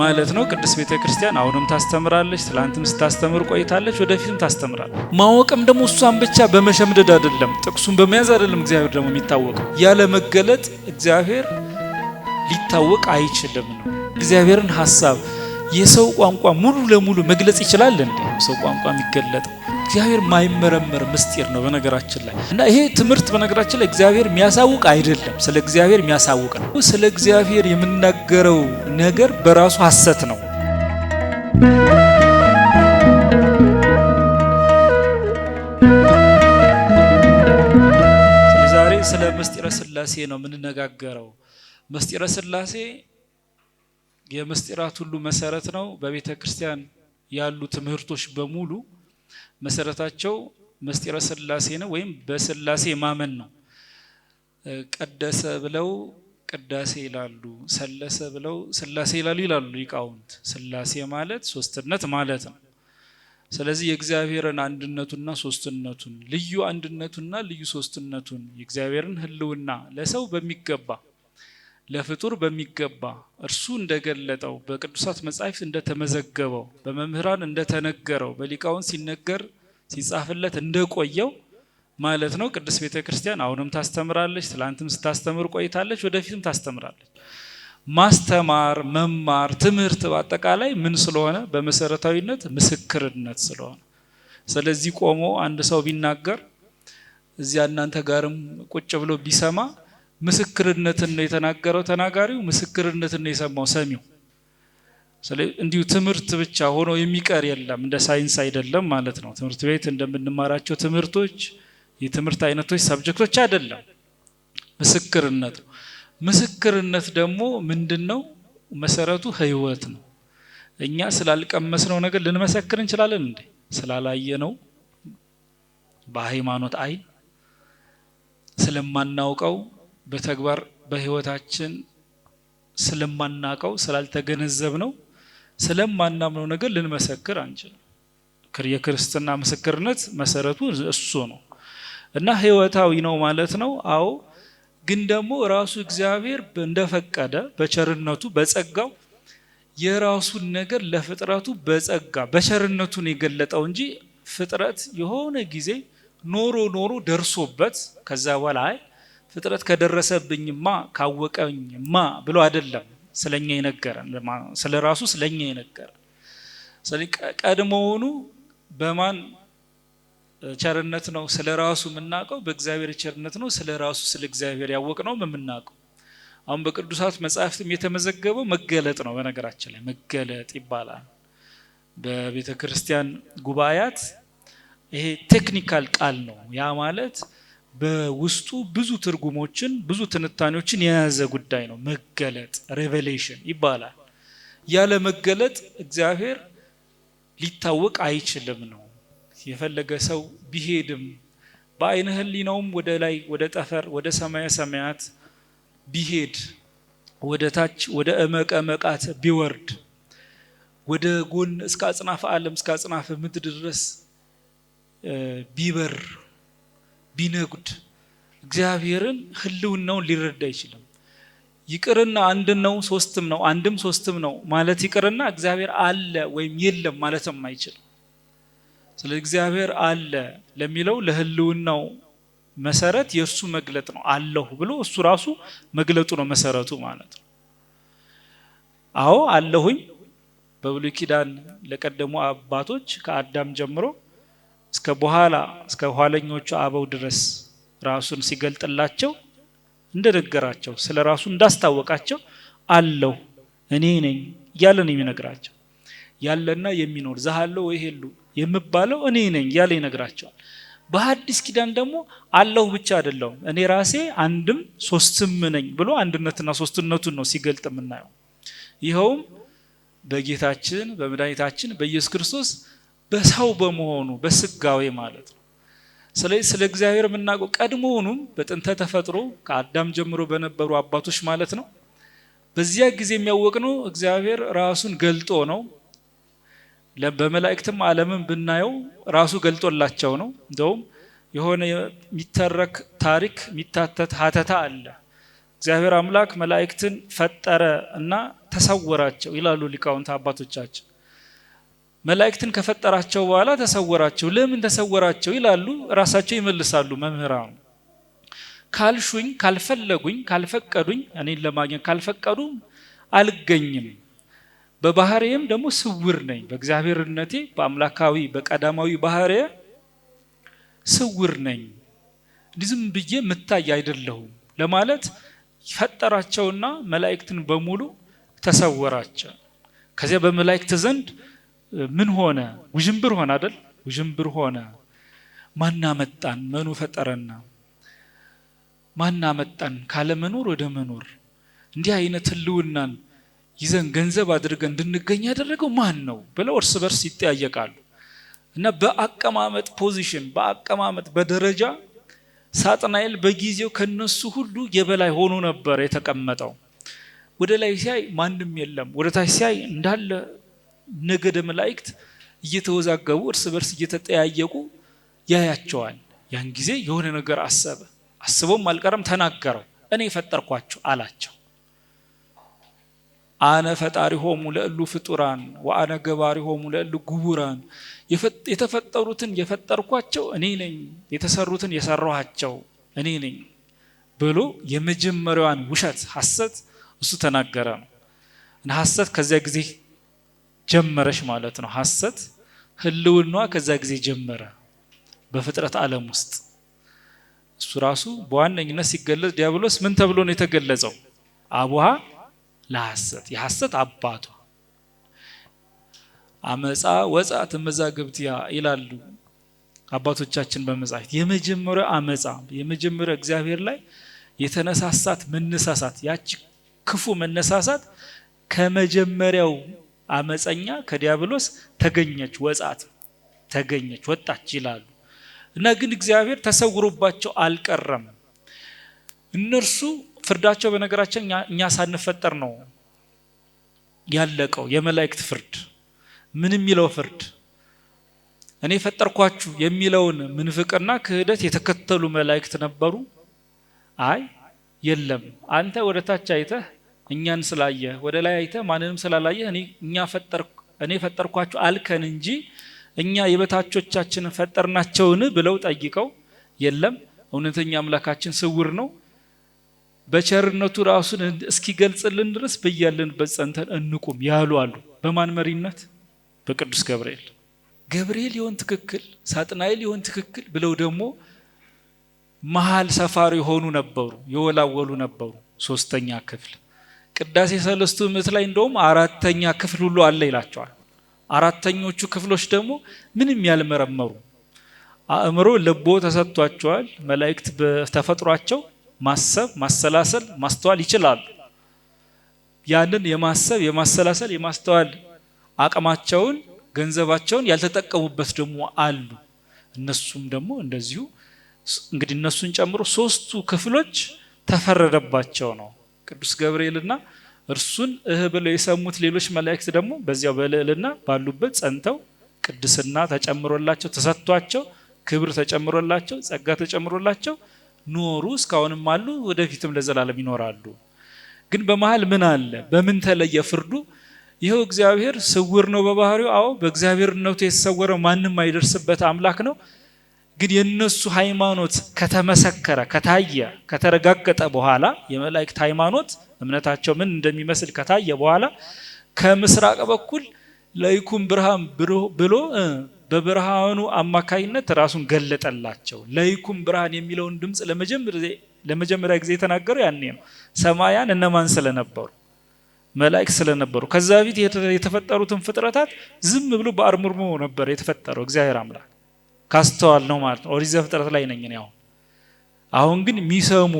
ማለት ነው። ቅድስት ቤተ ክርስቲያን አሁንም ታስተምራለች፣ ትላንትም ስታስተምር ቆይታለች፣ ወደፊትም ታስተምራለች። ማወቅም ደግሞ እሷን ብቻ በመሸምደድ አይደለም፣ ጥቅሱን በመያዝ አይደለም። እግዚአብሔር ደግሞ የሚታወቀው ያለ መገለጥ እግዚአብሔር ሊታወቅ አይችልም ነው። እግዚአብሔርን ሀሳብ የሰው ቋንቋ ሙሉ ለሙሉ መግለጽ ይችላል እንዴ? ሰው ቋንቋ የሚገለጠው እግዚአብሔር ማይመረመር ምስጢር ነው በነገራችን ላይ እና ይሄ ትምህርት በነገራችን ላይ እግዚአብሔር የሚያሳውቅ አይደለም፣ ስለ እግዚአብሔር የሚያሳውቅ ነው። ስለ እግዚአብሔር የምናገረው ነገር በራሱ ሐሰት ነው። ዛሬ ስለ ምስጢረ ስላሴ ነው የምንነጋገረው። ምስጢረ ስላሴ የምስጢራት ሁሉ መሰረት ነው። በቤተ ክርስቲያን ያሉ ትምህርቶች በሙሉ መሰረታቸው ምስጢረ ስላሴ ነው ወይም በስላሴ ማመን ነው። ቀደሰ ብለው ቅዳሴ ይላሉ፣ ሰለሰ ብለው ስላሴ ይላሉ ይላሉ ሊቃውንት። ስላሴ ማለት ሶስትነት ማለት ነው። ስለዚህ የእግዚአብሔርን አንድነቱና ሶስትነቱን ልዩ አንድነቱና ልዩ ሶስትነቱን የእግዚአብሔርን ሕልውና ለሰው በሚገባ ለፍጡር በሚገባ እርሱ እንደገለጠው በቅዱሳት መጻሕፍት እንደተመዘገበው በመምህራን እንደተነገረው በሊቃውን ሲነገር ሲጻፍለት እንደቆየው ማለት ነው። ቅድስት ቤተ ክርስቲያን አሁንም ታስተምራለች። ትላንትም ስታስተምር ቆይታለች። ወደፊትም ታስተምራለች። ማስተማር፣ መማር፣ ትምህርት በአጠቃላይ ምን ስለሆነ በመሰረታዊነት ምስክርነት ስለሆነ ስለዚህ ቆሞ አንድ ሰው ቢናገር እዚያ እናንተ ጋርም ቁጭ ብሎ ቢሰማ ምስክርነትን ነው የተናገረው ተናጋሪው፣ ምስክርነትን ነው የሰማው ሰሚው። እንዲሁ ትምህርት ብቻ ሆኖ የሚቀር የለም፣ እንደ ሳይንስ አይደለም ማለት ነው። ትምህርት ቤት እንደምንማራቸው ትምህርቶች፣ የትምህርት አይነቶች፣ ሰብጀክቶች አይደለም፣ ምስክርነት ነው። ምስክርነት ደግሞ ምንድን ነው? መሰረቱ ህይወት ነው። እኛ ስላልቀመስነው ነገር ልንመሰክር እንችላለን እንዴ? ስላላየነው በሃይማኖት አይን ስለማናውቀው በተግባር በህይወታችን ስለማናቀው ስላልተገነዘብ ነው ስለማናምነው ነገር ልንመሰክር አንችልም። የክርስትና ምስክርነት መሰረቱ እሱ ነው እና ህይወታዊ ነው ማለት ነው። አዎ ግን ደግሞ ራሱ እግዚአብሔር እንደፈቀደ በቸርነቱ በጸጋው የራሱን ነገር ለፍጥረቱ በጸጋ በቸርነቱ ነው የገለጠው እንጂ ፍጥረት የሆነ ጊዜ ኖሮ ኖሮ ደርሶበት ከዛ አይ ፍጥረት ከደረሰብኝማ ካወቀኝማ ብሎ አይደለም ስለኛ የነገረን ስለ ራሱ ስለኛ የነገረን። ስለዚህ ቀድሞውኑ በማን ቸርነት ነው ስለ ራሱ የምናውቀው? በእግዚአብሔር ቸርነት ነው ስለ ራሱ ስለ እግዚአብሔር ያወቅ ነው የምናውቀው። አሁን በቅዱሳት መጽሐፍትም የተመዘገበው መገለጥ ነው። በነገራችን ላይ መገለጥ ይባላል። በቤተ ክርስቲያን ጉባኤያት ይሄ ቴክኒካል ቃል ነው። ያ ማለት በውስጡ ብዙ ትርጉሞችን ብዙ ትንታኔዎችን የያዘ ጉዳይ ነው። መገለጥ ሬቨሌሽን ይባላል። ያለ መገለጥ እግዚአብሔር ሊታወቅ አይችልም ነው። የፈለገ ሰው ቢሄድም በአይነ ህሊናውም ወደ ላይ ወደ ጠፈር ወደ ሰማያ ሰማያት ቢሄድ ወደ ታች ወደ እመቀ መቃት ቢወርድ ወደ ጎን እስከ አጽናፈ ዓለም እስከ አጽናፈ ምድር ድረስ ቢበር ቢነጉድ እግዚአብሔርን ህልውናውን ሊረዳ አይችልም። ይቅርና አንድ ነው ሶስትም ነው አንድም ሶስትም ነው ማለት ይቅርና እግዚአብሔር አለ ወይም የለም ማለትም አይችልም። ስለ እግዚአብሔር አለ ለሚለው ለህልውናው መሰረት የእሱ መግለጥ ነው። አለሁ ብሎ እሱ ራሱ መግለጡ ነው መሰረቱ ማለት ነው። አዎ አለሁኝ በብሉይ ኪዳን ለቀደሙ አባቶች ከአዳም ጀምሮ እስከ በኋላ እስከ ኋለኞቹ አበው ድረስ ራሱን ሲገልጥላቸው እንደነገራቸው ስለ ራሱ እንዳስታወቃቸው አለው እኔ ነኝ እያለ ነው የሚነግራቸው። ያለና የሚኖር ዘሃለው ወይ ሄሉ የምባለው እኔ ነኝ እያለ ይነግራቸዋል። በሐዲስ ኪዳን ደግሞ አለሁ ብቻ አይደለውም። እኔ ራሴ አንድም ሶስትም ነኝ ብሎ አንድነትና ሶስትነቱን ነው ሲገልጥ የምናየው። ይኸውም በጌታችን በመድኃኒታችን በኢየሱስ ክርስቶስ በሰው በመሆኑ በስጋዊ ማለት ነው። ስለዚህ ስለ እግዚአብሔር የምናውቀው ቀድሞውኑም በጥንተ ተፈጥሮ ከአዳም ጀምሮ በነበሩ አባቶች ማለት ነው። በዚያ ጊዜ የሚያወቅነው እግዚአብሔር ራሱን ገልጦ ነው። በመላእክትም ዓለምን ብናየው ራሱ ገልጦላቸው ነው። እንደውም የሆነ የሚተረክ ታሪክ የሚታተት ሀተታ አለ። እግዚአብሔር አምላክ መላእክትን ፈጠረ እና ተሰወራቸው ይላሉ ሊቃውንት አባቶቻችን። መላእክትን ከፈጠራቸው በኋላ ተሰወራቸው። ለምን ተሰወራቸው ይላሉ፣ ራሳቸው ይመልሳሉ መምህራኑ። ካልሹኝ፣ ካልፈለጉኝ፣ ካልፈቀዱኝ እኔን ለማግኘት ካልፈቀዱ አልገኝም። በባህሪዬም ደግሞ ስውር ነኝ። በእግዚአብሔርነቴ በአምላካዊ በቀዳማዊ ባህር ስውር ነኝ። ዝም ብዬ የምታይ አይደለሁም ለማለት ፈጠራቸውና መላእክትን በሙሉ ተሰወራቸው። ከዚያ በመላእክት ዘንድ ምን ሆነ? ውዥንብር ሆነ አይደል? ውዥንብር ሆነ። ማና መጣን መኑ ፈጠረና ማና መጣን ካለ መኖር ወደ መኖር እንዲህ አይነት ህልውናን ይዘን ገንዘብ አድርገን እንድንገኝ ያደረገው ማን ነው ብለው እርስ በርስ ይጠያየቃሉ። እና በአቀማመጥ ፖዚሽን፣ በአቀማመጥ በደረጃ ሳጥናኤል በጊዜው ከነሱ ሁሉ የበላይ ሆኖ ነበር የተቀመጠው። ወደ ላይ ሲያይ ማንም የለም፣ ወደ ታች ሲያይ እንዳለ ነገደ መላእክት እየተወዛገቡ እርስ በርስ እየተጠያየቁ ያያቸዋል። ያን ጊዜ የሆነ ነገር አሰበ። አስቦም አልቀረም ተናገረው። እኔ ፈጠርኳችሁ አላቸው። አነ ፈጣሪ ሆሙ ለእሉ ፍጡራን ወአነ ገባሪ ሆሙ ለእሉ ጉቡራን፣ የተፈጠሩትን የፈጠርኳቸው እኔ ነኝ፣ የተሰሩትን የሰራኋቸው እኔ ነኝ ብሎ የመጀመሪያዋን ውሸት ሐሰት እሱ ተናገረ ነው እና ሐሰት ከዚያ ጊዜ ጀመረች ማለት ነው። ሐሰት ህልውኗ ከዛ ጊዜ ጀመረ በፍጥረት ዓለም ውስጥ። እሱ ራሱ በዋነኝነት ሲገለጽ ዲያብሎስ ምን ተብሎ ነው የተገለጸው? አቡሃ ለሐሰት የሐሰት አባቷ አመፃ ወፃ ተመዛግብትያ ይላሉ አባቶቻችን በመጽሐፍ የመጀመሪያው አመፃ የመጀመሪያው እግዚአብሔር ላይ የተነሳሳት መነሳሳት ያቺ ክፉ መነሳሳት ከመጀመሪያው አመፀኛ ከዲያብሎስ ተገኘች ወጣት ተገኘች ወጣች ይላሉ እና ግን እግዚአብሔር ተሰውሮባቸው አልቀረም። እነርሱ ፍርዳቸው በነገራችን እኛ ሳንፈጠር ነው ያለቀው። የመላእክት ፍርድ ምን የሚለው ፍርድ እኔ ፈጠርኳችሁ የሚለውን ምንፍቅና ክህደት የተከተሉ መላእክት ነበሩ። አይ የለም አንተ ወደ ታች አይተህ እኛን ስላየህ ወደ ላይ አይተህ ማንንም ስላላየህ እኛ እኔ ፈጠርኳቸው አልከን እንጂ እኛ የበታቾቻችንን ፈጠርናቸውን ብለው ጠይቀው፣ የለም እውነተኛ አምላካችን ስውር ነው፣ በቸርነቱ ራሱን እስኪገልጽልን ድረስ በያለንበት ጸንተን እንቁም ያሉ አሉ። በማን መሪነት? በቅዱስ ገብርኤል። ገብርኤል ይሆን ትክክል? ሳጥናኤል ይሆን ትክክል? ብለው ደግሞ መሀል ሰፋሪ የሆኑ ነበሩ፣ የወላወሉ ነበሩ። ሶስተኛ ክፍል ቅዳሴ ሰለስቱ ምዕት ላይ እንደውም አራተኛ ክፍል ሁሉ አለ ይላቸዋል። አራተኞቹ ክፍሎች ደግሞ ምንም ያልመረመሩ አእምሮ ልቦ ተሰጥቷቸዋል። መላእክት በተፈጥሯቸው ማሰብ፣ ማሰላሰል፣ ማስተዋል ይችላሉ። ያንን የማሰብ የማሰላሰል የማስተዋል አቅማቸውን ገንዘባቸውን ያልተጠቀሙበት ደግሞ አሉ። እነሱም ደግሞ እንደዚሁ እንግዲህ እነሱን ጨምሮ ሶስቱ ክፍሎች ተፈረደባቸው ነው። ቅዱስ ገብርኤልና እርሱን እህ ብለው የሰሙት ሌሎች መላእክት ደግሞ በዚያው በልዕልና ባሉበት ጸንተው ቅድስና ተጨምሮላቸው ተሰጥቷቸው ክብር ተጨምሮላቸው ጸጋ ተጨምሮላቸው ኖሩ። እስካሁንም አሉ፣ ወደፊትም ለዘላለም ይኖራሉ። ግን በመሀል ምን አለ? በምን ተለየ ፍርዱ? ይኸው እግዚአብሔር ስውር ነው በባህሪው። አዎ በእግዚአብሔርነቱ የተሰወረ ማንም አይደርስበት አምላክ ነው። ግን የእነሱ ሃይማኖት ከተመሰከረ ከታየ ከተረጋገጠ በኋላ የመላእክት ሃይማኖት እምነታቸው ምን እንደሚመስል ከታየ በኋላ ከምስራቅ በኩል ለይኩም ብርሃን ብሎ በብርሃኑ አማካይነት ራሱን ገለጠላቸው። ለይኩም ብርሃን የሚለውን ድምፅ ለመጀመሪያ ጊዜ የተናገሩ ያኔ ነው። ሰማያን እነማን ስለነበሩ መላእክት ስለነበሩ። ከዛ በፊት የተፈጠሩትን ፍጥረታት ዝም ብሎ በአርምሞ ነበር የተፈጠረው እግዚአብሔር አምላክ ካስተዋል ነው ማለት ነው። ኦሪት ዘፍጥረት ላይ ነኝ ያው አሁን ግን የሚሰሙ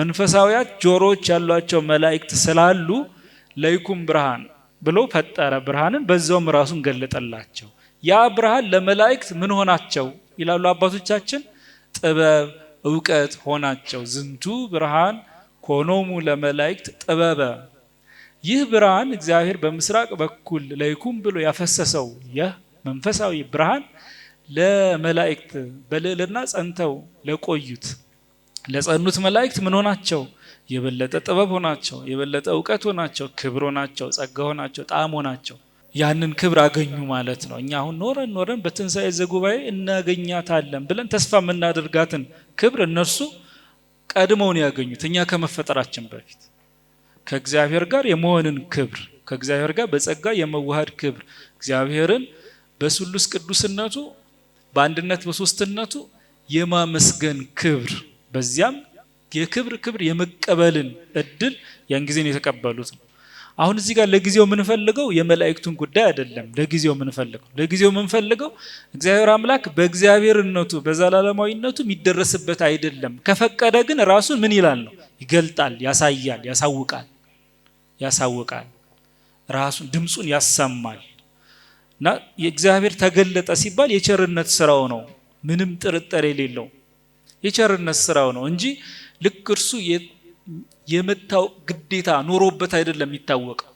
መንፈሳዊያት ጆሮዎች ያሏቸው መላእክት ስላሉ ለይኩም ብርሃን ብሎ ፈጠረ። ብርሃንን በዛውም ራሱን ገለጠላቸው። ያ ብርሃን ለመላእክት ምን ሆናቸው ይላሉ አባቶቻችን፣ ጥበብ እውቀት ሆናቸው። ዝንቱ ብርሃን ኮኖሙ ለመላእክት ጥበበ። ይህ ብርሃን እግዚአብሔር በምስራቅ በኩል ለይኩም ብሎ ያፈሰሰው ይህ መንፈሳዊ ብርሃን ለመላእክት በልዕልና ጸንተው ለቆዩት ለጸኑት መላእክት ምን ሆናቸው? የበለጠ ጥበብ ሆናቸው፣ የበለጠ እውቀት ሆናቸው፣ ክብር ሆናቸው፣ ጸጋ ሆናቸው፣ ጣዕም ሆናቸው። ያንን ክብር አገኙ ማለት ነው። እኛ አሁን ኖረን ኖረን በትንሣኤ ዘጉባኤ እናገኛታለን ብለን ተስፋ የምናደርጋትን ክብር እነርሱ ቀድመውን ያገኙት እኛ ከመፈጠራችን በፊት ከእግዚአብሔር ጋር የመሆንን ክብር ከእግዚአብሔር ጋር በጸጋ የመዋሃድ ክብር እግዚአብሔርን በስሉስ ቅዱስነቱ በአንድነት በሶስትነቱ የማመስገን ክብር በዚያም የክብር ክብር የመቀበልን እድል ያን ጊዜ የተቀበሉት ነው። አሁን እዚህ ጋር ለጊዜው የምንፈልገው የመላእክቱን ጉዳይ አይደለም። ለጊዜው የምንፈልገው ለጊዜው የምንፈልገው እግዚአብሔር አምላክ በእግዚአብሔርነቱ በዘላለማዊነቱ የሚደረስበት አይደለም። ከፈቀደ ግን ራሱን ምን ይላል ነው ይገልጣል፣ ያሳያል፣ ያሳውቃል፣ ያሳውቃል ራሱን ድምፁን ያሰማል። እና የእግዚአብሔር ተገለጠ ሲባል የቸርነት ስራው ነው፣ ምንም ጥርጥር የሌለው የቸርነት ስራው ነው እንጂ ልክ እርሱ የመታወቅ ግዴታ ኖሮበት አይደለም የሚታወቀው።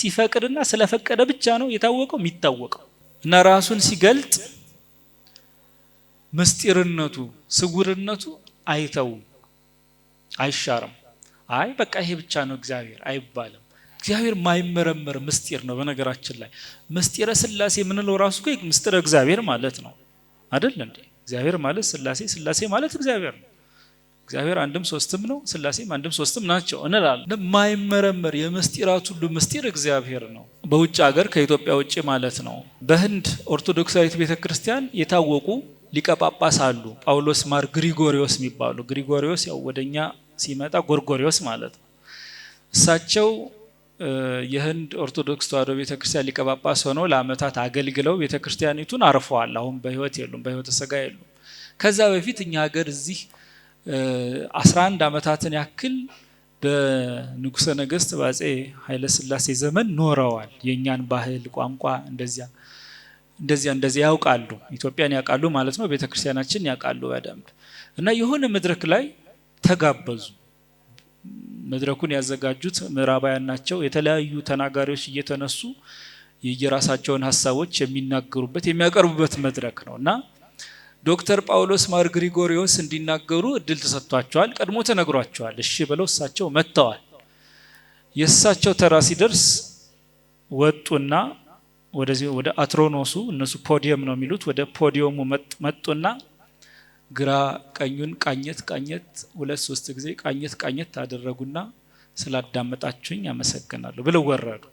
ሲፈቅድና ስለፈቀደ ብቻ ነው የታወቀው የሚታወቀው እና ራሱን ሲገልጥ ምስጢርነቱ ስጉርነቱ አይተው አይሻርም። አይ በቃ ይሄ ብቻ ነው እግዚአብሔር አይባልም። እግዚአብሔር ማይመረመር ምስጢር ነው። በነገራችን ላይ ምስጢረ ስላሴ የምንለው ራሱ እኮ ምስጢረ እግዚአብሔር ማለት ነው አይደል እንዴ? እግዚአብሔር ማለት ስላሴ፣ ስላሴ ማለት እግዚአብሔር ነው። እግዚአብሔር አንድም ሶስትም ነው፣ ስላሴም አንድም ሶስትም ናቸው እንላለን። ማይመረመር የምስጢራት ሁሉ ምስጢር እግዚአብሔር ነው። በውጭ ሀገር ከኢትዮጵያ ውጭ ማለት ነው። በህንድ ኦርቶዶክሳዊት ቤተክርስቲያን የታወቁ ሊቀጳጳስ አሉ። ጳውሎስ ማር ግሪጎሪዎስ የሚባሉ ግሪጎሪዎስ ያው ወደኛ ሲመጣ ጎርጎሪዎስ ማለት ነው። እሳቸው የህንድ ኦርቶዶክስ ተዋሕዶ ቤተክርስቲያን ሊቀ ጳጳስ ሆነው ለአመታት አገልግለው ቤተክርስቲያኒቱን አርፈዋል። አሁን በህይወት የሉም፣ በህይወተ ስጋ የሉም። ከዛ በፊት እኛ ሀገር እዚህ 11 አመታትን ያክል በንጉሰ ነገስት በአጼ ኃይለስላሴ ዘመን ኖረዋል። የእኛን ባህል ቋንቋ እንደዚያ እንደዚያ እንደዚያ ያውቃሉ፣ ኢትዮጵያን ያውቃሉ ማለት ነው። ቤተክርስቲያናችን ያውቃሉ በደንብ እና የሆነ መድረክ ላይ ተጋበዙ መድረኩን ያዘጋጁት ምዕራባውያን ናቸው። የተለያዩ ተናጋሪዎች እየተነሱ የየራሳቸውን ሀሳቦች የሚናገሩበት የሚያቀርቡበት መድረክ ነው እና ዶክተር ጳውሎስ ማር ግሪጎሪዎስ እንዲናገሩ እድል ተሰጥቷቸዋል። ቀድሞ ተነግሯቸዋል። እሺ ብለው እሳቸው መጥተዋል። የእሳቸው ተራ ሲደርስ ወጡና ወደዚህ ወደ አትሮኖሱ እነሱ ፖዲየም ነው የሚሉት ወደ ፖዲየሙ መጡና ግራ ቀኙን ቃኘት ቃኘት ሁለት ሶስት ጊዜ ቃኘት ቃኘት ታደረጉና ስላዳመጣችሁኝ አመሰግናለሁ ብለው ወረዱ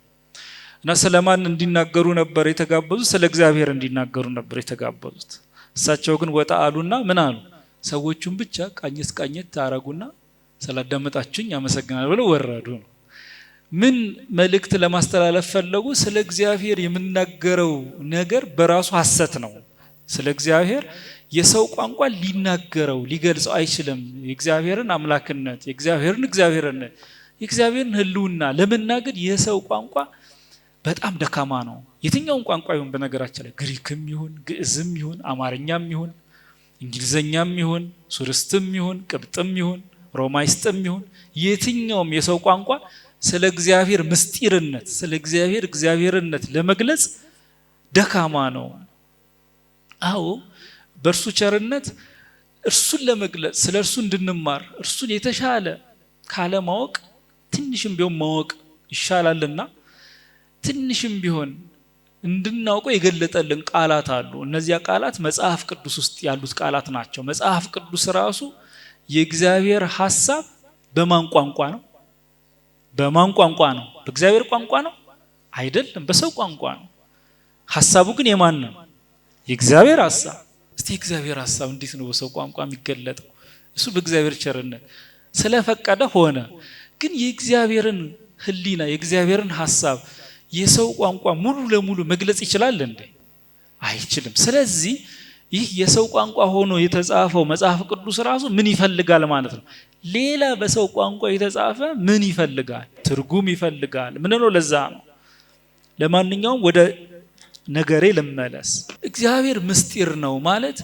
እና ስለማን እንዲናገሩ ነበር የተጋበዙት? ስለ እግዚአብሔር እንዲናገሩ ነበር የተጋበዙት። እሳቸው ግን ወጣ አሉና ምን አሉ? ሰዎቹን ብቻ ቃኘት ቃኘት ታረጉና ስላዳመጣችሁኝ ያመሰግናሉ ብለው ወረዱ ነው። ምን መልእክት ለማስተላለፍ ፈለጉ? ስለ እግዚአብሔር የምናገረው ነገር በራሱ ሀሰት ነው። ስለ እግዚአብሔር የሰው ቋንቋ ሊናገረው ሊገልጸው አይችልም። የእግዚአብሔርን አምላክነት የእግዚአብሔርን እግዚአብሔርነት የእግዚአብሔርን ሕልውና ለመናገር የሰው ቋንቋ በጣም ደካማ ነው። የትኛውም ቋንቋ ይሁን በነገራችን ላይ ግሪክም ይሁን ግዕዝም ይሁን አማርኛም ይሁን እንግሊዘኛም ይሁን ሱርስትም ይሁን ቅብጥም ይሁን ሮማይስጥም ይሁን የትኛውም የሰው ቋንቋ ስለ እግዚአብሔር ምስጢርነት ስለ እግዚአብሔር እግዚአብሔርነት ለመግለጽ ደካማ ነው። አዎ በእርሱ ቸርነት እርሱን ለመግለጽ ስለ እርሱ እንድንማር እርሱን የተሻለ ካለማወቅ ትንሽም ቢሆን ማወቅ ይሻላልና ትንሽም ቢሆን እንድናውቀው የገለጠልን ቃላት አሉ። እነዚያ ቃላት መጽሐፍ ቅዱስ ውስጥ ያሉት ቃላት ናቸው። መጽሐፍ ቅዱስ ራሱ የእግዚአብሔር ሀሳብ በማን ቋንቋ ነው? በማን ቋንቋ ነው? በእግዚአብሔር ቋንቋ ነው አይደለም፣ በሰው ቋንቋ ነው። ሀሳቡ ግን የማን ነው? የእግዚአብሔር ሀሳብ እስቲ እግዚአብሔር ሀሳብ እንዴት ነው በሰው ቋንቋ የሚገለጠው? እሱ በእግዚአብሔር ቸርነት ስለፈቀደ ሆነ። ግን የእግዚአብሔርን ህሊና የእግዚአብሔርን ሀሳብ የሰው ቋንቋ ሙሉ ለሙሉ መግለጽ ይችላል እንዴ? አይችልም። ስለዚህ ይህ የሰው ቋንቋ ሆኖ የተጻፈው መጽሐፍ ቅዱስ ራሱ ምን ይፈልጋል ማለት ነው? ሌላ በሰው ቋንቋ የተጻፈ ምን ይፈልጋል? ትርጉም ይፈልጋል። ምን ነው? ለዛ ነው ለማንኛውም ወደ ነገሬ ልመለስ። እግዚአብሔር ምስጢር ነው ማለት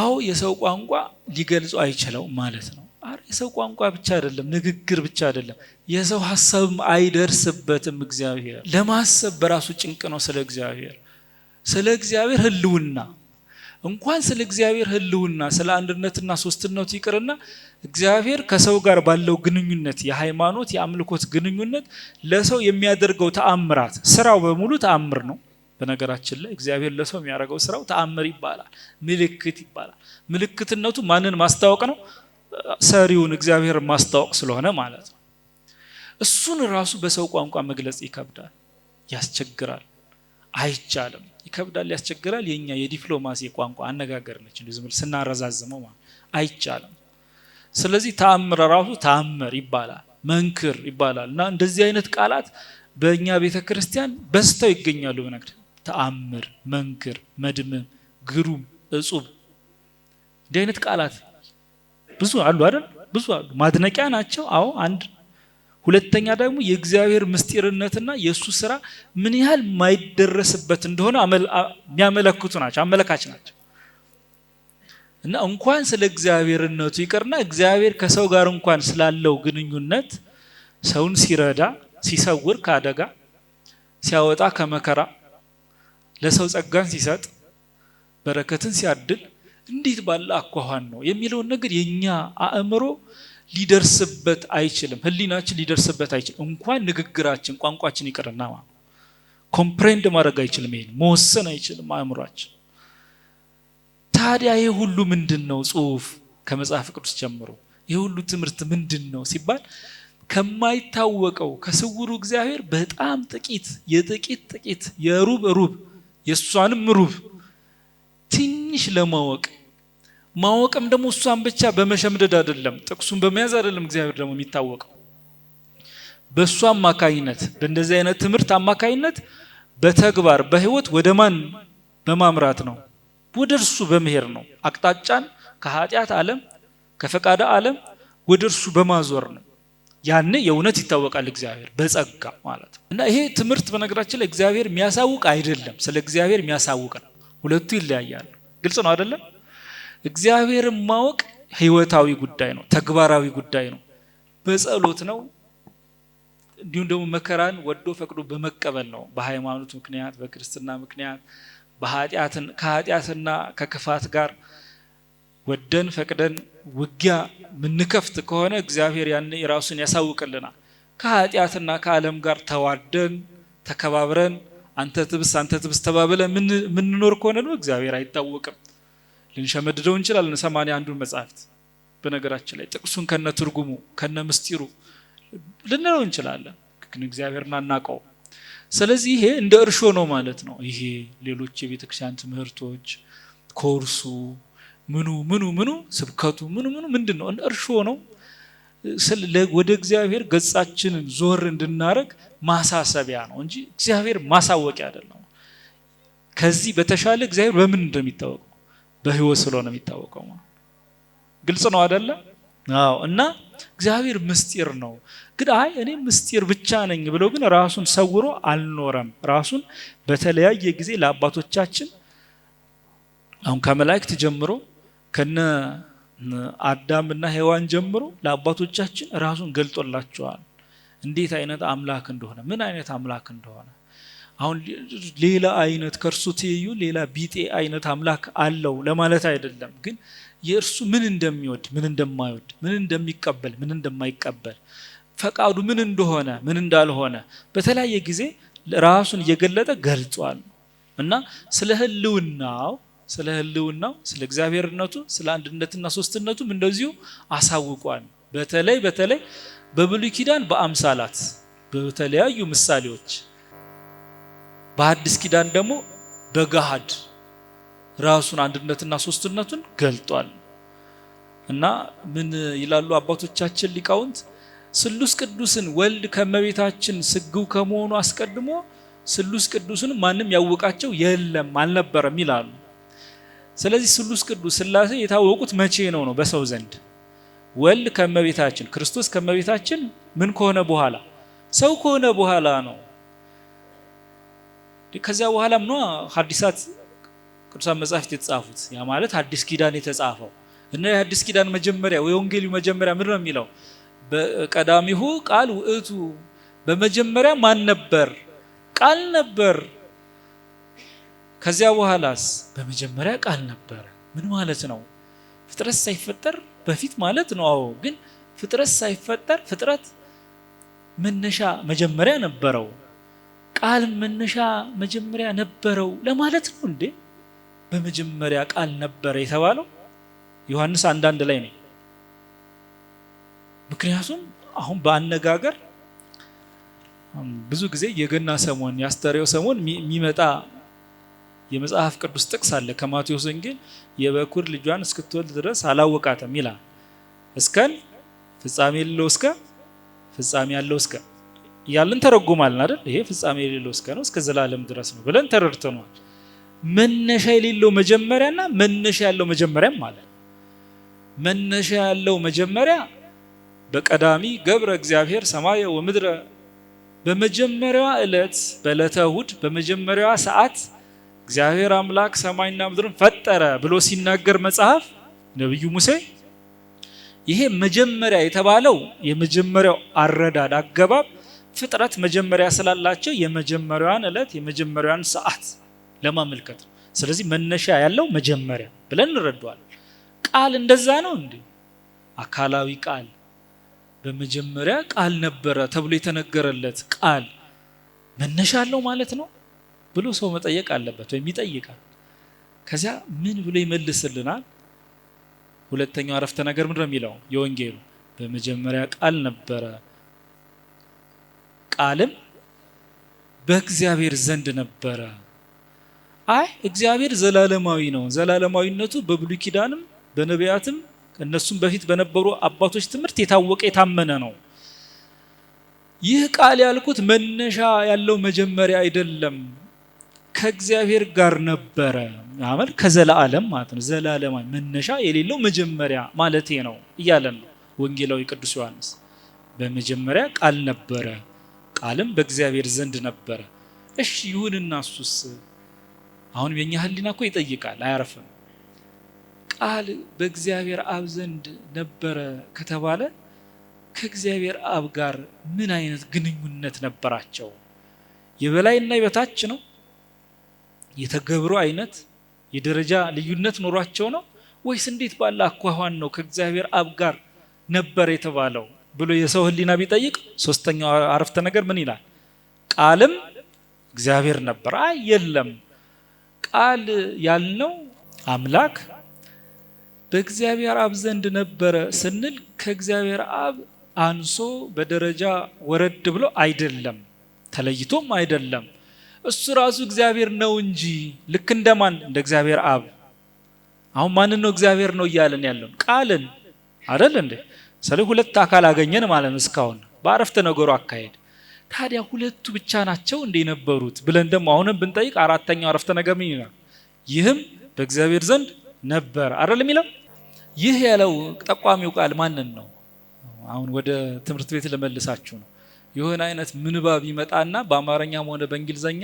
አዎ የሰው ቋንቋ ሊገልጹ አይችለው ማለት ነው። አረ የሰው ቋንቋ ብቻ አይደለም፣ ንግግር ብቻ አይደለም፣ የሰው ሀሳብም አይደርስበትም። እግዚአብሔር ለማሰብ በራሱ ጭንቅ ነው። ስለ እግዚአብሔር ስለ እግዚአብሔር ህልውና እንኳን ስለ እግዚአብሔር ህልውና ስለ አንድነትና ሶስትነቱ ይቅርና እግዚአብሔር ከሰው ጋር ባለው ግንኙነት የሃይማኖት የአምልኮት ግንኙነት ለሰው የሚያደርገው ተአምራት ስራው በሙሉ ተአምር ነው። በነገራችን ላይ እግዚአብሔር ለሰው የሚያደርገው ስራው ተአምር ይባላል፣ ምልክት ይባላል። ምልክትነቱ ማንን ማስታወቅ ነው? ሰሪውን እግዚአብሔር ማስታወቅ ስለሆነ ማለት ነው። እሱን ራሱ በሰው ቋንቋ መግለጽ ይከብዳል፣ ያስቸግራል፣ አይቻልም። ይከብዳል፣ ያስቸግራል። የኛ የዲፕሎማሲ ቋንቋ አነጋገር ነች፣ ዝም ስናረዛዝመው አይቻልም። ስለዚህ ተአምር ራሱ ተአምር ይባላል፣ መንክር ይባላል እና እንደዚህ አይነት ቃላት በእኛ ቤተ ክርስቲያን በስተው ይገኛሉ። በነግድ ተአምር፣ መንክር፣ መድምም፣ ግሩም፣ እጹብ እንዲህ አይነት ቃላት ብዙ አሉ አይደል? ብዙ አሉ። ማድነቂያ ናቸው። አዎ አንድ ሁለተኛ ደግሞ የእግዚአብሔር ምስጢርነትና የእሱ ስራ ምን ያህል ማይደረስበት እንደሆነ የሚያመለክቱ ናቸው፣ አመለካች ናቸው። እና እንኳን ስለ እግዚአብሔርነቱ ይቅርና እግዚአብሔር ከሰው ጋር እንኳን ስላለው ግንኙነት ሰውን ሲረዳ ሲሰውር ከአደጋ ሲያወጣ ከመከራ ለሰው ጸጋን ሲሰጥ በረከትን ሲያድል እንዴት ባለ አኳኋን ነው የሚለውን ነገር የኛ አእምሮ ሊደርስበት አይችልም። ህሊናችን ሊደርስበት አይችልም። እንኳን ንግግራችን ቋንቋችን ይቅርና ኮምፕሬንድ ማድረግ አይችልም። ይሄን መወሰን አይችልም አእምሯችን። ታዲያ ይህ ሁሉ ምንድን ነው? ጽሁፍ ከመጽሐፍ ቅዱስ ጀምሮ ይህ ሁሉ ትምህርት ምንድን ነው ሲባል ከማይታወቀው ከስውሩ እግዚአብሔር በጣም ጥቂት የጥቂት ጥቂት የሩብ ሩብ የእሷንም ሩብ ትንሽ ለማወቅ ማወቅም ደግሞ እሷን ብቻ በመሸምደድ አይደለም፣ ጥቅሱን በመያዝ አይደለም። እግዚአብሔር ደግሞ የሚታወቀው በእሱ አማካኝነት በእንደዚህ አይነት ትምህርት አማካኝነት በተግባር በህይወት ወደ ማን በማምራት ነው? ወደ እርሱ በመሄድ ነው። አቅጣጫን ከኃጢአት ዓለም ከፈቃደ ዓለም ወደ እርሱ በማዞር ነው። ያን የእውነት ይታወቃል እግዚአብሔር በጸጋ ማለት ነው። እና ይሄ ትምህርት በነገራችን ላይ እግዚአብሔር የሚያሳውቅ አይደለም፣ ስለ እግዚአብሔር የሚያሳውቅ ነው። ሁለቱ ይለያያሉ። ግልጽ ነው አይደለም? እግዚአብሔርን ማወቅ ህይወታዊ ጉዳይ ነው፣ ተግባራዊ ጉዳይ ነው፣ በጸሎት ነው። እንዲሁም ደግሞ መከራን ወዶ ፈቅዶ በመቀበል ነው። በሃይማኖት ምክንያት፣ በክርስትና ምክንያት፣ ከኃጢአትና ከክፋት ጋር ወደን ፈቅደን ውጊያ ምንከፍት ከሆነ እግዚአብሔር ያን የራሱን ያሳውቅልናል። ከኃጢአትና ከዓለም ጋር ተዋደን ተከባብረን አንተ ትብስ አንተ ትብስ ተባብለ ምንኖር ከሆነ ነው እግዚአብሔር አይታወቅም። ልንሸመድደው እንችላለን። ሰማንያ አንዱን መጽሐፍት በነገራችን ላይ ጥቅሱን ከነ ትርጉሙ ከነ ምስጢሩ ልንለው እንችላለን፣ ግን እግዚአብሔርን አናውቀው። ስለዚህ ይሄ እንደ እርሾ ነው ማለት ነው። ይሄ ሌሎች የቤተክርስቲያን ትምህርቶች ኮርሱ ምኑ ምኑ ምኑ ስብከቱ ምኑ ምኑ ምንድን ነው? እርሾ ነው። ወደ እግዚአብሔር ገጻችንን ዞር እንድናደርግ ማሳሰቢያ ነው እንጂ እግዚአብሔር ማሳወቂያ አይደለም። ከዚህ በተሻለ እግዚአብሔር በምን እንደሚታወቀው በህይወት ስለሆነ የሚታወቀው ግልጽ ነው አደለ አዎ። እና እግዚአብሔር ምስጢር ነው። ግን አይ እኔ ምስጢር ብቻ ነኝ ብሎ ግን ራሱን ሰውሮ አልኖረም። ራሱን በተለያየ ጊዜ ለአባቶቻችን አሁን ከመላእክት ጀምሮ ከነ አዳምና ሔዋን ጀምሮ ለአባቶቻችን ራሱን ገልጦላቸዋል። እንዴት አይነት አምላክ እንደሆነ ምን አይነት አምላክ እንደሆነ አሁን ሌላ አይነት ከእርሱ ትይዩ ሌላ ቢጤ አይነት አምላክ አለው ለማለት አይደለም፣ ግን የእርሱ ምን እንደሚወድ ምን እንደማይወድ ምን እንደሚቀበል ምን እንደማይቀበል ፈቃዱ ምን እንደሆነ ምን እንዳልሆነ በተለያየ ጊዜ ራሱን እየገለጠ ገልጿል እና ስለ ህልውናው ስለ ህልውናው፣ ስለ እግዚአብሔርነቱ፣ ስለ አንድነትና ሶስትነቱም እንደዚሁ አሳውቋል። በተለይ በተለይ በብሉይ ኪዳን በአምሳላት በተለያዩ ምሳሌዎች፣ በአዲስ ኪዳን ደግሞ በገሃድ ራሱን አንድነትና ሶስትነቱን ገልጧል። እና ምን ይላሉ አባቶቻችን ሊቃውንት? ስሉስ ቅዱስን ወልድ ከመቤታችን ስግው ከመሆኑ አስቀድሞ ስሉስ ቅዱስን ማንም ያወቃቸው የለም አልነበረም ይላሉ። ስለዚህ ስሉስ ቅዱስ ስላሴ የታወቁት መቼ ነው ነው? በሰው ዘንድ ወልድ ከመቤታችን ክርስቶስ ከመቤታችን ምን ከሆነ በኋላ ሰው ከሆነ በኋላ ነው። ከዚያ በኋላም ነው ሐዲሳት ቅዱሳን መጻሕፍት የተጻፉት። ያ ማለት አዲስ ኪዳን የተጻፈው እና የአዲስ ኪዳን መጀመሪያ የወንጌሉ መጀመሪያ ምን ነው የሚለው? ቀዳሚሁ ቃል ውእቱ፣ በመጀመሪያ ማን ነበር? ቃል ነበር። ከዚያ በኋላስ በመጀመሪያ ቃል ነበረ። ምን ማለት ነው? ፍጥረት ሳይፈጠር በፊት ማለት ነው። አዎ፣ ግን ፍጥረት ሳይፈጠር ፍጥረት መነሻ መጀመሪያ ነበረው፣ ቃል መነሻ መጀመሪያ ነበረው ለማለት ነው እንዴ? በመጀመሪያ ቃል ነበረ የተባለው ዮሐንስ አንዳንድ ላይ ነው። ምክንያቱም አሁን በአነጋገር ብዙ ጊዜ የገና ሰሞን የአስተርእዮ ሰሞን የሚመጣ የመጽሐፍ ቅዱስ ጥቅስ አለ ከማቴዎስ ወንጌል የበኩር ልጇን እስክትወልድ ድረስ አላወቃትም ይላል። እስከን ፍጻሜ የሌለው እስከ ፍጻሜ ያለው እስከ እያልን ተረጉማልን አይደል? ይሄ ፍጻሜ የሌለው እስከ ነው እስከ ዘላለም ድረስ ነው ብለን ተረድተነዋል። መነሻ የሌለው መጀመሪያና መነሻ ያለው መጀመሪያም ማለት መነሻ ያለው መጀመሪያ በቀዳሚ ገብረ እግዚአብሔር ሰማየ ወምድረ በመጀመሪያዋ ዕለት በዕለተ እሁድ በመጀመሪያዋ ሰዓት እግዚአብሔር አምላክ ሰማይና ምድርን ፈጠረ ብሎ ሲናገር መጽሐፍ ነብዩ ሙሴ ይሄ መጀመሪያ የተባለው የመጀመሪያው አረዳድ አገባብ ፍጥረት መጀመሪያ ስላላቸው የመጀመሪያዋን ዕለት የመጀመሪያዋን ሰዓት ለማመልከት ነው። ስለዚህ መነሻ ያለው መጀመሪያ ብለን እንረዳዋለን። ቃል እንደዛ ነው እንዴ? አካላዊ ቃል በመጀመሪያ ቃል ነበረ ተብሎ የተነገረለት ቃል መነሻ አለው ማለት ነው። ብሎ ሰው መጠየቅ አለበት ወይም ይጠይቃል። ከዚያ ምን ብሎ ይመልስልናል? ሁለተኛው አረፍተ ነገር ምንድነው የሚለው? የወንጌሉ በመጀመሪያ ቃል ነበረ፣ ቃልም በእግዚአብሔር ዘንድ ነበረ። አይ እግዚአብሔር ዘላለማዊ ነው። ዘላለማዊነቱ በብሉይ ኪዳንም በነቢያትም ከእነሱም በፊት በነበሩ አባቶች ትምህርት የታወቀ የታመነ ነው። ይህ ቃል ያልኩት መነሻ ያለው መጀመሪያ አይደለም ከእግዚአብሔር ጋር ነበረ ማለት ከዘላለም ማለት ነው። ዘላለም መነሻ የሌለው መጀመሪያ ማለት ነው እያለን ነው ወንጌላዊ ቅዱስ ዮሐንስ። በመጀመሪያ ቃል ነበረ፣ ቃልም በእግዚአብሔር ዘንድ ነበረ። እሺ ይሁንና እሱስ አሁን የኛ ህሊና እኮ ይጠይቃል፣ አያረፍም። ቃል በእግዚአብሔር አብ ዘንድ ነበረ ከተባለ ከእግዚአብሔር አብ ጋር ምን አይነት ግንኙነት ነበራቸው? የበላይና የበታች ነው የተገብሮ አይነት የደረጃ ልዩነት ኖሯቸው ነው ወይስ እንዴት ባለ አኳኋን ነው ከእግዚአብሔር አብ ጋር ነበር የተባለው ብሎ የሰው ህሊና ቢጠይቅ ሶስተኛው አረፍተ ነገር ምን ይላል? ቃልም እግዚአብሔር ነበር። አይ የለም፣ ቃል ያልነው አምላክ በእግዚአብሔር አብ ዘንድ ነበረ ስንል ከእግዚአብሔር አብ አንሶ በደረጃ ወረድ ብሎ አይደለም፣ ተለይቶም አይደለም። እሱ ራሱ እግዚአብሔር ነው እንጂ ልክ እንደማን እንደ እግዚአብሔር አብ። አሁን ማን ነው እግዚአብሔር ነው እያለን ያለው ቃልን አይደል እንዴ? ስለዚህ ሁለት አካል አገኘን ማለት ነው። እስካሁን በአረፍተ ነገሩ አካሄድ ታዲያ ሁለቱ ብቻ ናቸው እንደ የነበሩት ብለን ደግሞ አሁንም ብንጠይቅ አራተኛው አረፍተ ነገር ምን ይላል? ይህም በእግዚአብሔር ዘንድ ነበር አይደል የሚለው። ይህ ያለው ጠቋሚው ቃል ማንን ነው? አሁን ወደ ትምህርት ቤት ለመልሳችሁ ነው። የሆነ አይነት ምንባብ ይመጣና በአማርኛም ሆነ በእንግሊዘኛ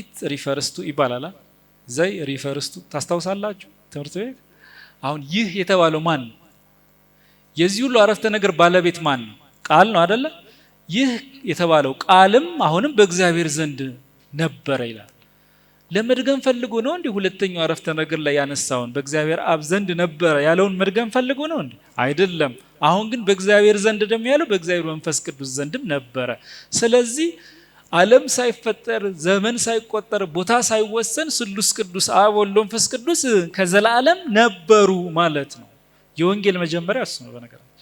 ኢት ሪፈርስቱ ይባላል። ዘይ ሪፈርስቱ ታስታውሳላችሁ ትምህርት ቤት። አሁን ይህ የተባለው ማን ነው? የዚህ ሁሉ አረፍተ ነገር ባለቤት ማን ነው? ቃል ነው አደለ? ይህ የተባለው ቃልም አሁንም በእግዚአብሔር ዘንድ ነበረ ይላል። ለመድገም ፈልጎ ነው እንዲህ ሁለተኛው አረፍተ ነገር ላይ ያነሳውን በእግዚአብሔር አብ ዘንድ ነበረ ያለውን መድገም ፈልጎ ነው እንዲህ አይደለም። አሁን ግን በእግዚአብሔር ዘንድ ደግሞ ያለው በእግዚአብሔር መንፈስ ቅዱስ ዘንድም ነበረ። ስለዚህ ዓለም ሳይፈጠር ዘመን ሳይቆጠር ቦታ ሳይወሰን ስሉስ ቅዱስ አብ ወልድ መንፈስ ቅዱስ ከዘላለም ነበሩ ማለት ነው። የወንጌል መጀመሪያ እሱ ነው። በነገራችን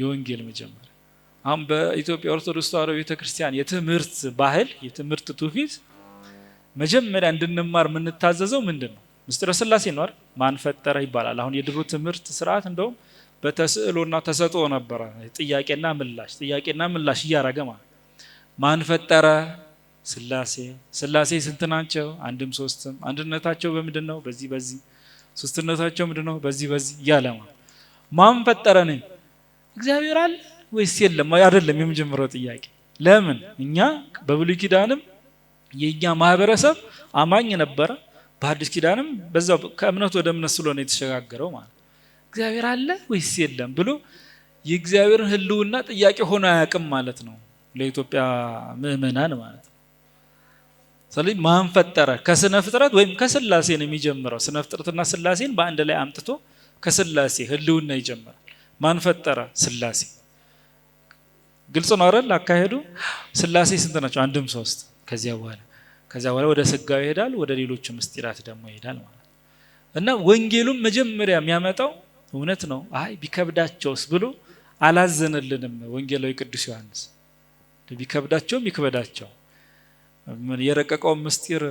የወንጌል መጀመሪያ አሁን በኢትዮጵያ ኦርቶዶክስ ተዋሕዶ ቤተክርስቲያን የትምህርት ባህል የትምህርት ትውፊት መጀመሪያ እንድንማር የምንታዘዘው ምንድን ነው? ምስጢረ ስላሴ ነው አይደል? ማን ፈጠረ ይባላል። አሁን የድሮ ትምህርት ስርዓት እንደውም በተስዕሎና ተሰጥኦ ነበረ። ጥያቄና ምላሽ ጥያቄና ምላሽ እያረገ ማለት ማን ፈጠረ? ስላሴ። ስላሴ ስንት ናቸው? አንድም ሶስትም። አንድነታቸው በምንድን ነው? በዚህ በዚህ። ሶስትነታቸው ምንድን ነው? በዚህ በዚህ እያለ ማለት ማን ፈጠረ እግዚአብሔር አለ ወይስ የለም? አይደለም የምጀምረው ጥያቄ። ለምን እኛ በብሉ ኪዳንም የእኛ ማህበረሰብ አማኝ ነበረ፣ በአዲስ ኪዳንም በዛው ከእምነት ወደ እምነት ስለሆነ የተሸጋገረው ማለት እግዚአብሔር አለ ወይስ የለም ብሎ የእግዚአብሔርን ህልውና ጥያቄ ሆኖ አያውቅም ማለት ነው ለኢትዮጵያ ምእመናን ማለት ነው። ስለዚህ ማን ፈጠረ ከስነ ፍጥረት ወይም ከስላሴ ነው የሚጀምረው። ስነ ፍጥረትና ስላሴን በአንድ ላይ አምጥቶ ከስላሴ ህልውና ይጀምራል። ማን ፈጠረ? ስላሴ። ግልጽ ነው አረል አካሄዱ ስላሴ ስንት ናቸው? አንድም ሶስት። ከዚያ በኋላ ከዚያ በኋላ ወደ ስጋው ይሄዳል፣ ወደ ሌሎች ምስጢራት ደግሞ ይሄዳል ማለት እና ወንጌሉም መጀመሪያ የሚያመጣው እውነት ነው፣ አይ ቢከብዳቸውስ ብሎ አላዘነልንም። ወንጌላዊ ቅዱስ ዮሐንስ ቢከብዳቸውም ይክበዳቸው የረቀቀውን ምስጢር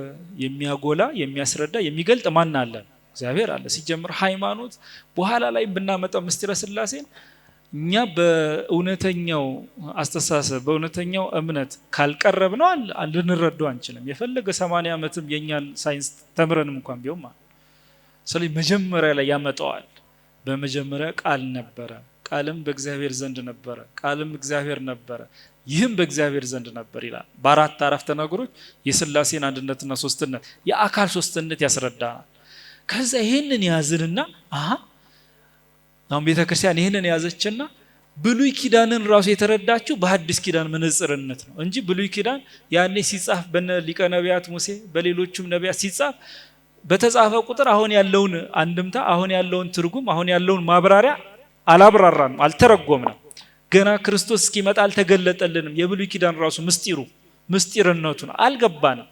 የሚያጎላ የሚያስረዳ የሚገልጥ ማን አለ? እግዚአብሔር አለ። ሲጀምር ሃይማኖት በኋላ ላይ ብናመጣው ምስጢረ ስላሴን እኛ በእውነተኛው አስተሳሰብ በእውነተኛው እምነት ካልቀረብ ነው ልንረዳው አንችልም። የፈለገ ሰማንያ ዓመትም የእኛን ሳይንስ ተምረንም እንኳን ቢሆን ስለዚህ መጀመሪያ ላይ ያመጣዋል። በመጀመሪያ ቃል ነበረ፣ ቃልም በእግዚአብሔር ዘንድ ነበረ፣ ቃልም እግዚአብሔር ነበረ፣ ይህም በእግዚአብሔር ዘንድ ነበር ይላል። በአራት አረፍተ ነገሮች የስላሴን አንድነትና ሶስትነት የአካል ሶስትነት ያስረዳናል። ከዛ ይህንን ያዝንና አሀ አሁን ቤተክርስቲያን ይህንን ያዘችና ብሉይ ኪዳንን ራሱ የተረዳችው በአዲስ ኪዳን መነጽርነት ነው እንጂ ብሉይ ኪዳን ያኔ ሲጻፍ በነ ሊቀ ነቢያት ሙሴ በሌሎቹም ነቢያት ሲጻፍ በተጻፈ ቁጥር አሁን ያለውን አንድምታ አሁን ያለውን ትርጉም አሁን ያለውን ማብራሪያ አላብራራንም፣ አልተረጎምንም። ገና ክርስቶስ እስኪመጣ አልተገለጠልንም። የብሉ ኪዳን ራሱ ምስጢሩ ምስጢርነቱን አልገባንም።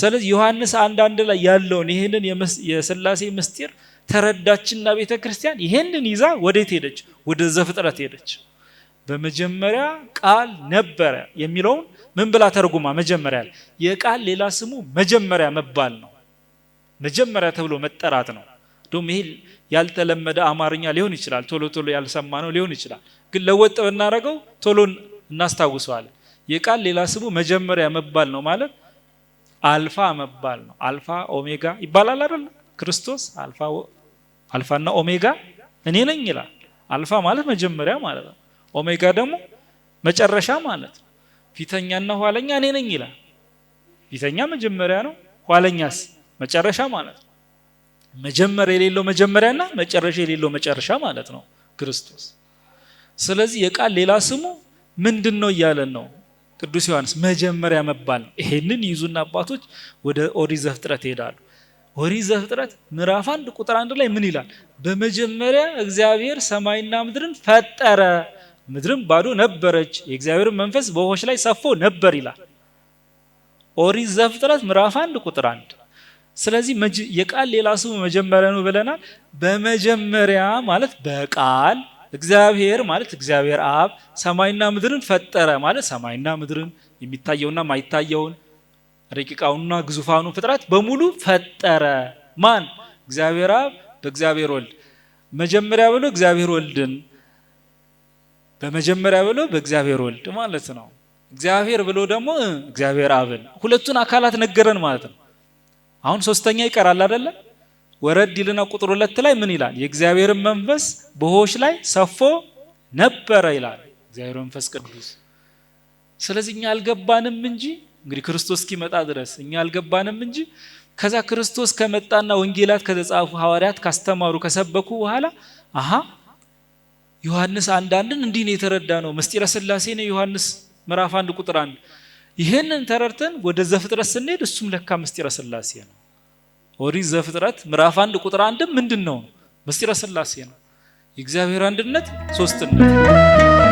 ስለዚህ ዮሐንስ አንዳንድ ላይ ያለውን ይህንን የሥላሴ ምስጢር ተረዳችና ቤተ ክርስቲያን ይህንን ይዛ ወዴት ሄደች? ወደ ዘፍጥረት ሄደች። በመጀመሪያ ቃል ነበረ የሚለውን ምን ብላ ተርጉማ መጀመሪያ የቃል ሌላ ስሙ መጀመሪያ መባል ነው። መጀመሪያ ተብሎ መጠራት ነው። ዶም ይህ ያልተለመደ አማርኛ ሊሆን ይችላል፣ ቶሎ ቶሎ ያልሰማ ነው ሊሆን ይችላል። ግን ለወጥ ብናደርገው ቶሎን እናስታውሰዋለን። የቃል ሌላ ስሙ መጀመሪያ መባል ነው ማለት አልፋ መባል ነው። አልፋ ኦሜጋ ይባላል አይደል? ክርስቶስ አልፋ አልፋና ኦሜጋ እኔ ነኝ ይላል። አልፋ ማለት መጀመሪያ ማለት ነው። ኦሜጋ ደግሞ መጨረሻ ማለት ነው። ፊተኛና ኋለኛ እኔ ነኝ ይላል። ፊተኛ መጀመሪያ ነው፣ ኋለኛስ መጨረሻ ማለት ነው። መጀመሪያ የሌለው መጀመሪያና መጨረሻ የሌለው መጨረሻ ማለት ነው ክርስቶስ። ስለዚህ የቃል ሌላ ስሙ ምንድን ነው እያለን ነው ቅዱስ ዮሐንስ መጀመሪያ መባል ነው። ይሄንን ይዙና አባቶች ወደ ኦሪ ዘፍጥረት ይሄዳሉ። ኦሪት ዘፍጥረት ምዕራፍ አንድ ቁጥር አንድ ላይ ምን ይላል? በመጀመሪያ እግዚአብሔር ሰማይና ምድርን ፈጠረ፣ ምድርም ባዶ ነበረች፣ የእግዚአብሔርን መንፈስ በውሆች ላይ ሰፎ ነበር ይላል። ኦሪት ዘፍጥረት ምዕራፍ አንድ ቁጥር አንድ ስለዚህ የቃል ሌላ ስሙ መጀመሪያ ነው ብለናል። በመጀመሪያ ማለት በቃል እግዚአብሔር ማለት እግዚአብሔር አብ ሰማይና ምድርን ፈጠረ ማለት ሰማይና ምድርን የሚታየውና ማይታየውን ረቂቃውንና ግዙፋኑን ፍጥረት በሙሉ ፈጠረ። ማን? እግዚአብሔር አብ በእግዚአብሔር ወልድ መጀመሪያ ብሎ እግዚአብሔር ወልድን በመጀመሪያ ብሎ በእግዚአብሔር ወልድ ማለት ነው። እግዚአብሔር ብሎ ደግሞ እግዚአብሔር አብን ሁለቱን አካላት ነገረን ማለት ነው። አሁን ሶስተኛ ይቀራል አይደለ? ወረድ ይልና ቁጥር ሁለት ላይ ምን ይላል? የእግዚአብሔርን መንፈስ በሆሽ ላይ ሰፎ ነበረ ይላል እግዚአብሔር መንፈስ ቅዱስ። ስለዚህ እኛ አልገባንም እንጂ እንግዲህ ክርስቶስ እስኪመጣ ድረስ እኛ አልገባንም እንጂ ከዛ ክርስቶስ ከመጣና ወንጌላት ከተጻፉ ሐዋርያት ካስተማሩ ከሰበኩ በኋላ አሃ ዮሐንስ አንድ አንድን እንዲህ የተረዳ ነው። ምስጢረ ስላሴ ነው ዮሐንስ ምዕራፍ አንድ ቁጥር አንድ ይህንን ተረድተን ወደ ዘፍጥረት ስንሄድ እሱም ለካ ምስጢረ ስላሴ ነው። ኦሪ ዘፍጥረት ምዕራፍ አንድ ቁጥር አንድም ምንድን ነው? ምስጢረ ስላሴ ነው። የእግዚአብሔር አንድነት ሶስትነት